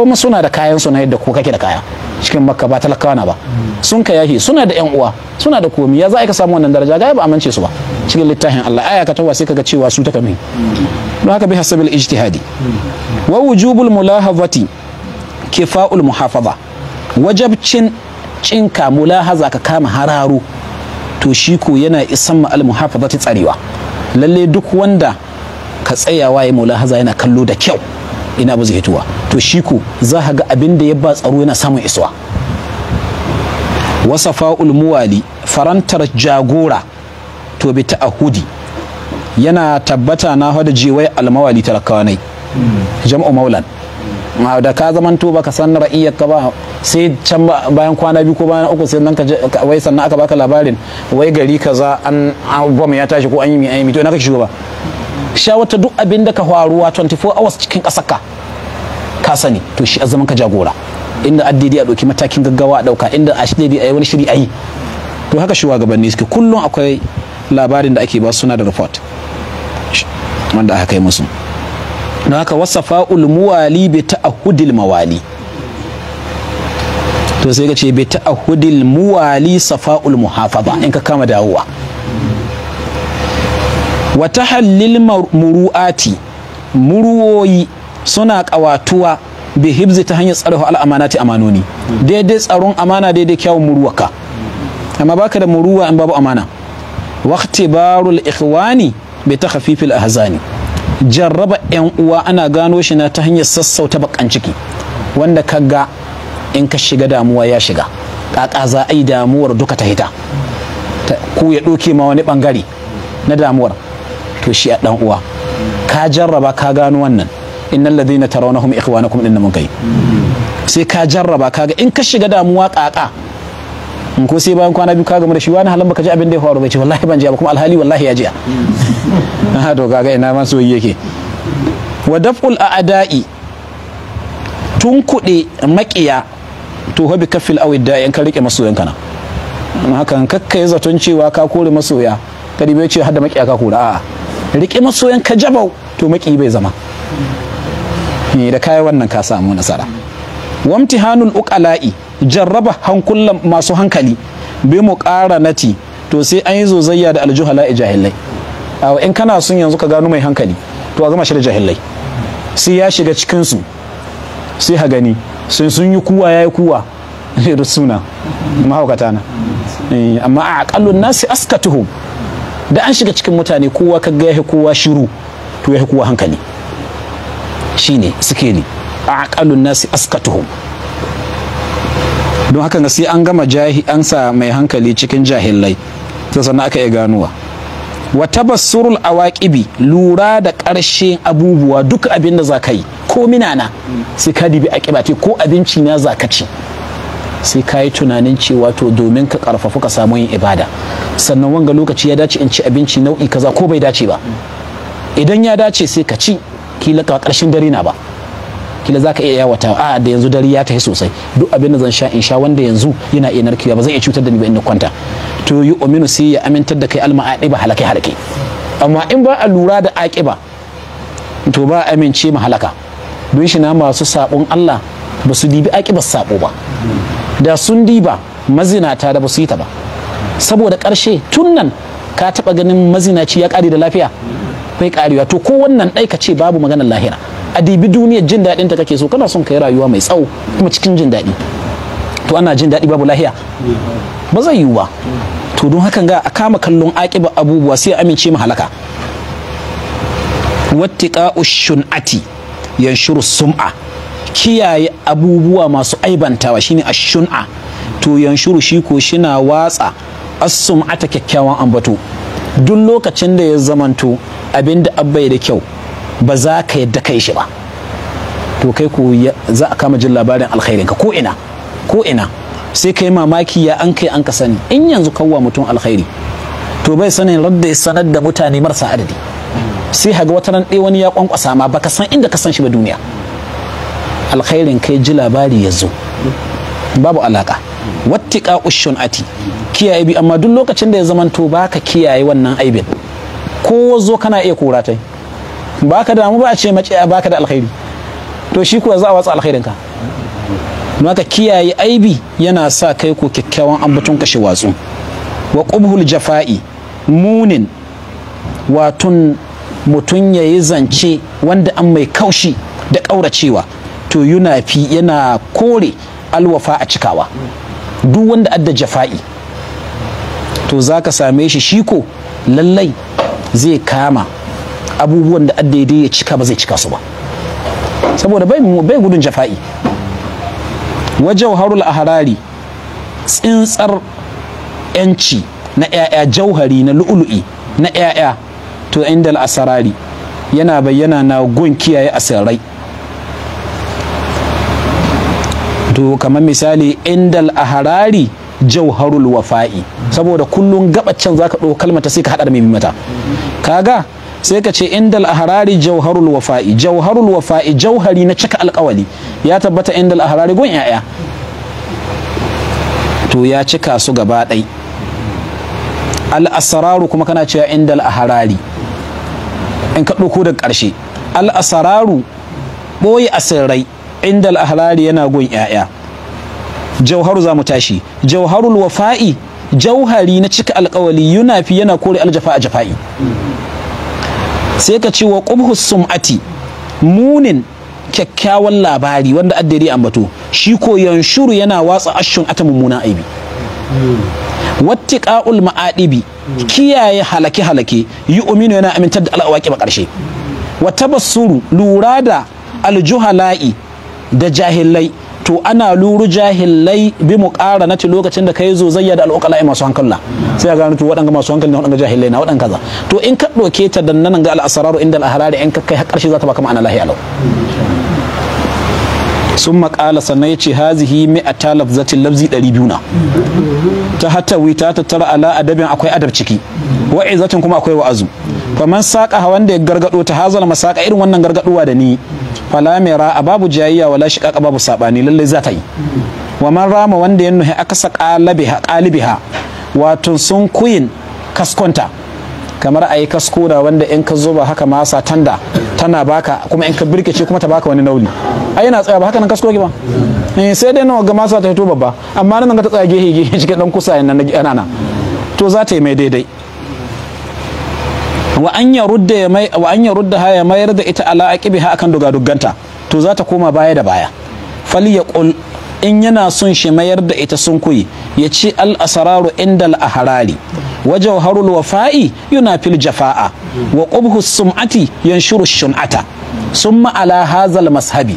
kuma suna da kayan su na yadda ko kake da kaya cikin makka ba talakawa na ba sun ka yahi suna da yan uwa suna da komi ya za a ka samu wannan daraja ga ba amince su ba cikin littafin Allah aya ka tawa sai kaga cewa su ta min don haka bi hasabil ijtihadi wa wujubul mulahazati kifa'ul muhafaza wajabcin cinka mulahaza ka kama hararo to shi ko yana isan ma'al muhafazati tsarewa lalle duk wanda ka tsayawa ya mulahaza yana kallo da kyau ina ba zai hituwa to shi ko za ka ga abin da ya ba tsaro yana samun isuwa wasafa muwali farantar jagora to bi ta'ahudi yana tabbata na hada jiwai almawali talakawa nai jam'u maulan da ka zaman to baka san ra'iyyar ka ba sai can bayan kwana biyu ko bayan uku sai nan ka wai sannan aka baka labarin wai gari kaza an bom ya tashi ko an yi mi to ina ka shigo ba sha wata duk abin da ka faruwa 24 hours cikin ƙasarka ka sani to shi zaman ka jagora inda addidi a ɗauki matakin gaggawa a ɗauka inda a addidi a yi wani shiri a yi to haka shugabanni suke kullum akwai labarin da ake ba suna da report wanda aka kai musu na haka wasafa ulmuwali bi ta'ahudil mawali to sai ka ce bi ta'ahudil muwali safa'ul muhafaza in ka kama dawowa wata halil muru'ati muruwoyi suna ƙawatuwa bi hibzi ta hanyar tsaro al'amanati amanoni daidai tsaron amana daidai kyawun muruwaka amma baka da muruwa in babu amana waqti barul ikhwani bi a ahzani jarraba yan uwa ana gano shi na ta hanyar sassauta bakan ciki wanda ka ga in ka shiga damuwa ya shiga kaka za a yi damuwar duka ta hita ko ya ɗauke ma wani bangare na damuwar to shi a dan uwa ka jarraba ka gano wannan innal ladina tarawnahum ikhwanakum inna mun sai ka jarraba ka ga in ka shiga damuwa kaka in ko sai bayan kwana biyu ka gama da shi wani halin baka ji abin da ya faru bai ce wallahi ban ji ba kuma alhali wallahi ya ji a to kaga ina ma soyayya yake wa daf'ul a'da'i tunkuɗe makiya to habi kafil awi da'i in ka rike masoyan kana. hakan kakkai zaton cewa ka kore masoya kadi bai ce hadda da makiya ka kore a'a riƙe masoyan ka jabau to maki bai zama eh, da kayan wannan ka samu nasara wamtihanul uqala'i jarraba hankulan masu hankali bi nati to sai an yi zozayya da aljuhala'i jahilai a in kana sun yanzu ka gano mai hankali to a zama shi da jahilai sai ya shiga cikin su sai ha gani sai sun yi kuwa yayi kuwa suna mahaukata na eh, amma a aqallun nasi askatuhum da an shiga cikin mutane kowa ka ga yahi kowa shiru to yahi kowa hankali shine sikeli aqalun nasi askatuhum don haka sai an gama jahi an sa mai hankali cikin jahilai sai sannan aka iya ganuwa wa tabassurul awaqibi lura da ƙarshen abubuwa duk abin da za ka yi ko minana sai ka dibi aqiba ko abinci na za ka ci sai ka yi tunanin cewa to domin ka karfafu ka samu yin ibada sannan wanga lokaci ya dace in ci abinci nau'i kaza ko bai dace ba idan ya dace sai ka ci kila ka karshen dare na ba kila za iya yawata a da yanzu dare ya tafi sosai duk abin da zan sha in sha wanda yanzu yana iya narkewa ba zai iya cutar da ni ba inda kwanta to yi ominu sai ya amintar da kai alma'adi ba halake-halake amma in ba a lura da aƙiba to ba amince mu halaka don shi na masu sabon Allah ba su dibi aƙibar sabo ba da sun diba mazinata da ba yi ta ba saboda ƙarshe tun nan ka taɓa ganin mazinaci ya ƙare da lafiya bai ƙarewa to ko wannan ɗai ka ce babu maganar lahira a dibi duniyar jin daɗin ta kake so kana son ka rayuwa mai tsawo kuma cikin jin daɗi to ana jin daɗi babu lahiya ba zai yiwu ba to don hakan ga a kama kallon aƙiba abubuwa sai amince mu halaka wattiqa ushun'ati yanshuru sum'a kiyaye abubuwa masu aibantawa shine a shun'a to yanshuru shi ko shina watsa assum ata kyakkyawan ambato duk lokacin da ya zamanto abinda abbai da kyau ba za ka yadda kai shi ba to kai ko za a kama jin labarin alkhairin ka ko ina ko ina sai kai mamaki ya an kai an ka sani in yanzu kawwa mutum alkhairi to bai sanin radda ya sanar da mutane marasa adadi sai haga wata nan wani ya kwankwasa ma baka san inda ka san shi ba duniya alkhairin kai ji labari ya zo babu alaka wattika ushun ati kiyaye bi amma duk lokacin da ya zamanto baka kiyaye wannan aibin ko zo kana iya kora ta baka da mu ba a ce mace baka da alkhairi to shi kuwa za a watsa alkhairin ka kiyaye aibi yana sa kai ko kyakkyawan ambaton kashe watsu wa qubhul jafa'i munin watun mutum yayi zance wanda an mai kaushi da ƙauracewa to yuna fi yana kore alwafa a cikawa duk wanda adda jafa'i to zaka same shi shi ko lallai zai kama abubuwan da dai ya cika ba zai cika su ba saboda bai gudun jafa'i wajen a harari tsintsar 'yanci na 'ya'ya jauhari na lu'ulu'i na 'ya'ya to inda al'asarari yana bayyana na gun kiyaye asirrai wato kamar misali indal aharari jauharul wafa'i saboda kullum gabacin zaka ɗau kalmata sai ka haɗa da mai mata kaga sai ka ce indal aharari jauharul wafa'i jauharul wafa'i jauhari na cika alkawali ya tabbata indal aharari gun yaya to ya cika su gaba ɗai al'asararu kuma kana cewa indal aharari in ka ɗauko da ƙarshe al'asararu ɓoye asirrai inda al'ahlari yana gun yaya jauharu za mu tashi jauharul wafa'i jauhari na cika alkawali yunafi yana kore aljafa a jafa'i sai ka ce wa qubhus sum'ati munin kyakkyawan labari wanda addari ambato shi ko yanshuru yana watsa ashun ata mummunan aibi wattiqa'ul ma'adibi kiyaye halake halake yi yu'minu yana amintar da al'awaki ba karshe wa tabassuru lura da aljuhala'i da jahilai to ana luru jahilai bi mu ƙara na lokacin da ka yi zozayya da al'uƙala masu hankala sai gano to waɗanga masu hankali na waɗanga jahilai na waɗanga kaza to in ka ɗauke ta da nan ga al'asararu inda al'aharari in ka kai ƙarshe za ta baka ma'ana lahiya lau sun maƙala sannan ya ce hazihi mai a talaf zatin lafzi ɗari biyu na ta hatawi ta tattara ala adabin akwai adab ciki wa'izatin kuma akwai wa'azu kamar saƙa wanda ya gargaɗo ta hazala masaƙa irin wannan gargaɗowa da ni fala ra'a babu jayayya wala shiƙaƙa babu saɓani lalle za ta yi wa man rama wanda ya nuhi akasa qalibiha qalibiha wato sun kuyin kaskonta kamar a yi kaskura wanda in ka zo ba haka masa tanda tana baka kuma in ka birkice kuma ta baka wani nauni ai yana tsaya ba haka nan kaskoki ba eh sai dai nawa ga masa ta hito babba amma nan ga ta tsaya gehe gehe cikin dan kusa yana nan ana to za ta yi mai daidai wa an ya rudda ya ha ya mayar da ita ala aqibiha akan duga dugganta to za ta koma baya da baya falyaqul in yana son shi mayar da ita sun kuyi ya ce al asararu inda al aharari wa jawharul wafa'i yuna fil jafa'a wa qubhu sum'ati yanshuru shun'ata summa ala hazal mashabi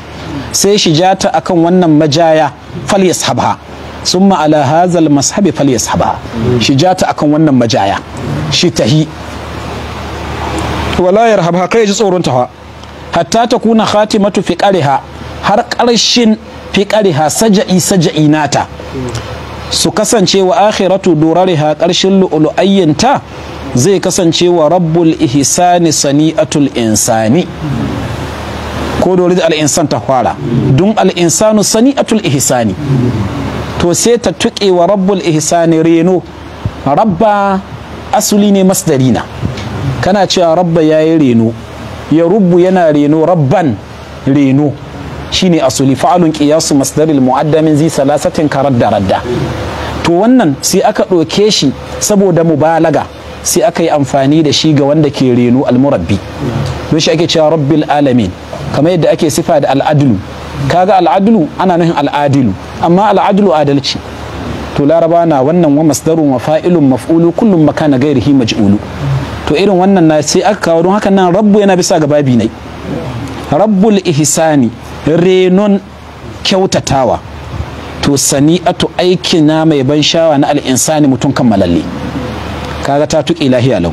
sai shi jata akan wannan majaya falyashabha summa ala hazal mashabi shi jata akan wannan majaya shi tahi wala yarhabha kai ji tsoron ta hatta ta kuna khatimatu fi qariha har karshen fi qariha saja'i saja'i nata su kasance wa akhiratu durariha ƙarshen ta zai kasance wa rabbul ihsani sani'atul insani ko dole da insan ta fara don al'insanu sani'atul ihsani to sai ta tuƙe wa rabbul ihsani reno rabba asuli ne masdarina kana cewa rabba ya yi reno ya rubbu yana reno rabban reno shine asuli fa'alun qiyasu masdaril mu'addamin zi salasatin karar da radda to wannan sai aka ɗauke shi saboda mubalaga sai aka yi amfani da shi ga wanda ke reno almurabbi don shi ake cewa rabbil alamin kamar yadda ake sifa da al'adulu kaga al'adulu ana nufin al'adilu amma al'adulu adalci to laraba na wannan wa masdarun wa fa'ilun maf'ulu kullum makana gairihi maj'ulu to irin wannan na sai aka kawo don haka nan rabbu yana bisa ga babi ne rabbul ihsani renon kyautatawa to sani'atu aiki na mai ban shawa na al'insani mutum kammalalle kaga ta tuki lahiya lau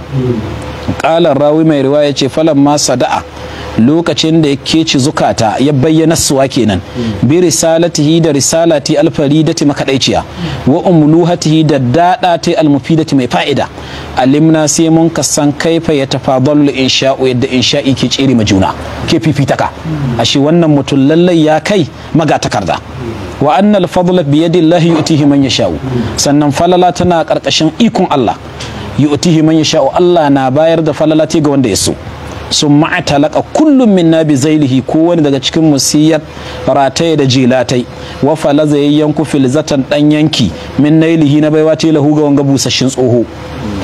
ƙalar rawi mai riwaya ce falan ma sada'a lokacin da ya ci zukata ya bayyana suwa kenan bi risalatihi da risalati alfaridati makadaiciya wa umluhatihi da dada ta almufidati mai fa'ida alimna sai mun kasan kaifa ya tafadalu insha'u yadda insha'i ke tsiri ma juna ke fifitaka ashe wannan mutum lallai ya kai magatakarda wa annal fadla bi yadillahi yu'tihi man yasha'u sannan falala tana karkashin ikon Allah yu'tihi man yasha'u Allah na bayar da falala ga wanda ya so sun ma'atalaka kullum min na bizailihi ko wani daga cikin musiyar rataye da jelatai wa falaza yanku filzatan dan yanki min nailihi na baiwa ta lahu ga wanga busashin tsoho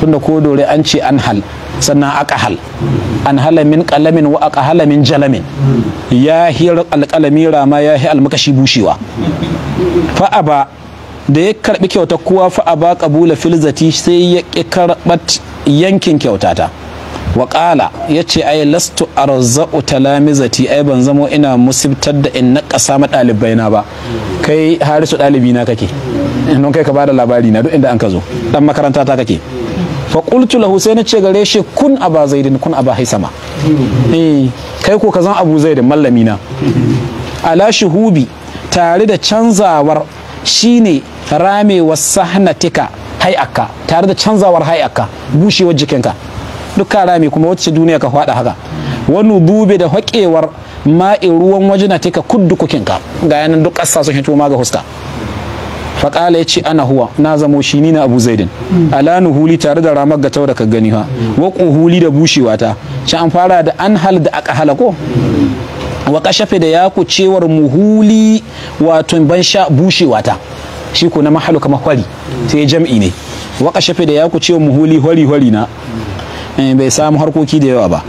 tunda ko dore an ce an hal sannan aka hal an halamin kalamin wa aka halamin jalamin ya hira alkalami rama ya hi almakashi bushewa fa'a ba da ya karbi kyauta kuwa fa'a ba bula filzati sai ya karbat yankin kyautata waƙala ya ce ai lastu arza'u talamizati ai ban zamo ina musibtar da in naƙasa ma na ba kai harisu ɗalibi na kake don kai ka bada labari na duk inda an ka zo dan makaranta ta kake fa qultu lahu na ce gare shi kun aba zaidin kun aba haisama eh kai ko ka zan abu zaidin mallami na ala shuhubi tare da canzawar shine ramewar sahnatika hay'aka tare da canzawar hay'aka bushewar jikinka duk kara mai kuma wacce duniya ka faɗa haka wani dube da haƙewar ma'i ruwan waje na teka kuddu kukinka ga yanan duk ƙasa sun hito ma ga huska faƙala ya ce ana huwa na zamo shi ni na abu zaidin ala huli tare da ramar ga tau da ka gani ha Waƙo huli da bushewa ta shi an fara da an hal da aka halako wa kashafe da yaku cewar muhuli wato ban sha bushewa ta shi ko na mahalu kamar kwari sai jam'i ne wa kashafe da yaku cewar muhuli hori hori na Eh, bai samu harkoki da yawa ba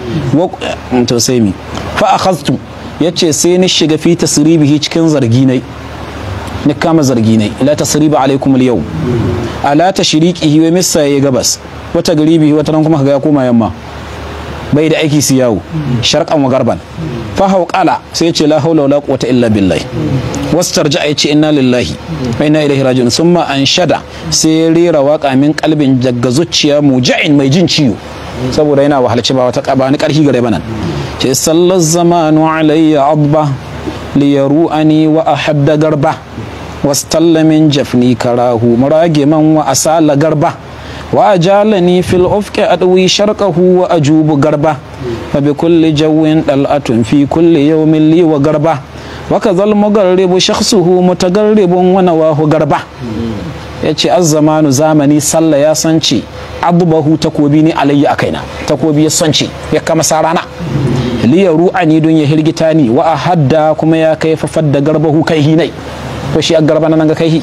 eh, to sai mi fa akhadtu yace sai ni shiga fi tasribihi cikin zargi ni kama zargi nai la tasriba alaikum al-yau ala tashriqihi wa misa ya gabas wata garibi wata nan kuma kaga ya koma yamma bai da aiki su yawo sharqan wa garban fa hawqala sai yace la hawla wala quwwata illa billah wastarja ya ce inna lillahi wa inna ilaihi raji'un summa anshada sai rera waka min kalbin daga zuciya muja'in mai jin ciwo saboda yana wahalci ba wata ba ni karhi gare banan ce sallar zamanu alayya abba liyaru ani wa ahadda garba wastalla tallamin jafni karahu murage man wa asala garba wa ajalani fil ufqi adwi sharqahu wa ajubu garba fa bi kulli jawin dal'atun fi kulli yawmin li wa garba wa kadhal mugarribu shakhsuhu mutagarribun wa nawahu garba yace azzamanu zamani sallah ya sanci adbahu takobi ne alayya a kaina takobi ya sonce ya kama rana liya ru'ani don ya hirgita ni wa hadda kuma ya kai fafar da garbahu kai hinai ko shi a garba nan ga kai hi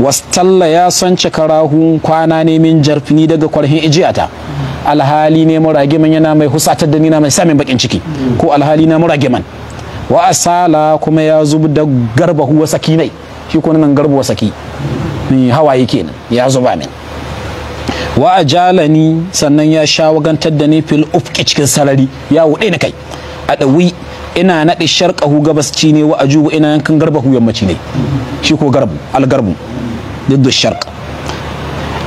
wastalla ya sonce karahu kwana ne min jarfini daga kwarhin ijiyata alhali ne murage man yana mai husatar da ni na mai samin bakin ciki ko alhali na murage man wa asala kuma ya zubu da garbahu wa sakinai shi ko nan garbu wa ni hawaye kenan ya zuba min wa ajalani sannan ya sha wagantar da ni fil ufqi cikin sarari ya wuɗe ni kai a ɗawi ina naɗi sharƙahu ci ne wa ajubu ina yankan garbahu yammaci ne shi ko garbu algarbu da sharƙ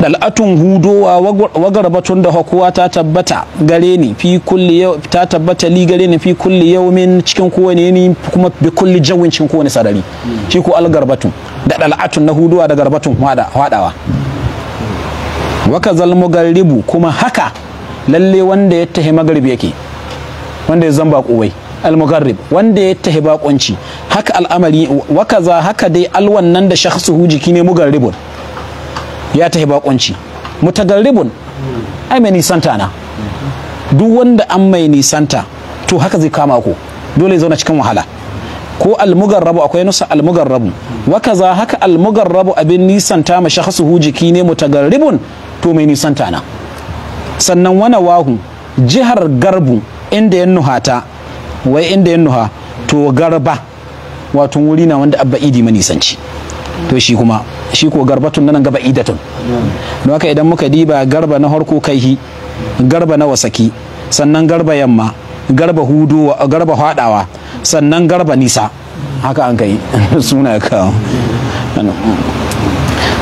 dal'atun hudowa wagarbatun da hakuwa ta tabbata gare ni fi kulli yau ta tabbata li gare ni fi kulli yaumin cikin kowane ni kuma bi kulli jawin cikin kowane sarari shi ko algarbatun da dal'atun na hudowa da garbatun hadawa waka zalmu garibu kuma haka lalle wanda ya tahi magarib yake wanda ya zamba kuwai al-mugharrib wanda ya tahi bakonci haka al'amari za haka dai alwannan da shakhsu jiki ne mugarribun ya tahi bakonci mutagarribun ai mai nisanta na duk wanda an mai nisanta to haka zai kama ku dole ya zauna cikin wahala ko almugarrabu akwai nusa almugarrabu wakaza haka almugarrabu abin nisanta ma shakhsu jiki ne mutagarribun to mai nisan tana sannan wani wahu jihar garbu inda ya ta wai inda ya nuha to garba wato wuri na wanda abba idi manisanci to shi kuma shi ko garba tun nan gaba idatun don haka idan muka diba garba na harko kaihi garba na wasaki sannan garba yamma garba hudu garba hadawa sannan garba nisa haka an kai suna kawo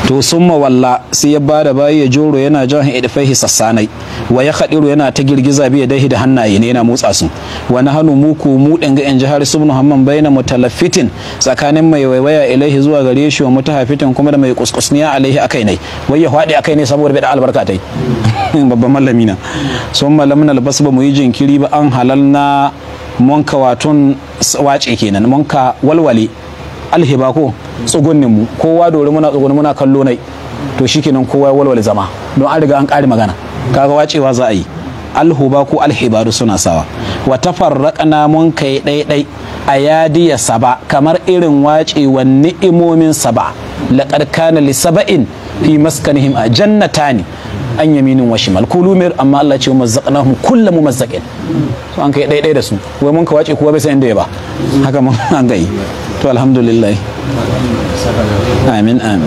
to sun mawalla sai ya bada baya ya joro yana jan idfaihi sassanai wa ya khadiru yana ta girgiza biya dahi da hannaye ne yana motsa su wa na muku mu ga in jihar subnu hamman baina mutalaffitin tsakanin mai waiwaya ilaihi zuwa gare shi wa mutahafitin kuma da mai kuskusniya alaihi akai ne wai ya fadi akai ne saboda bai da albarka tai babban mallami na sun malamin albasu ba mu yi jinkiri ba an halalna ka waton wace kenan ka walwale alheba ko tsugunnin mu kowa dori muna tsugunni muna kallo nai to shikenan kowa ya walwala zama don an riga an kare magana kaga wacewa za a yi alhuba ko alhibaru suna sawa wa tafarraqna mun kai ɗaiɗai a yadiya saba kamar irin wacewan ni'imomin saba laqad kana li saba'in fi maskanihim a jannatani an yaminin wa shimal kulumir amma Allah ce mazzaqnahum kullu mumazzaqin to an kai ɗaiɗai da su wai mun ka wace kuwa bai san inda ya ba haka mun an gai والحمد لله آمين آمين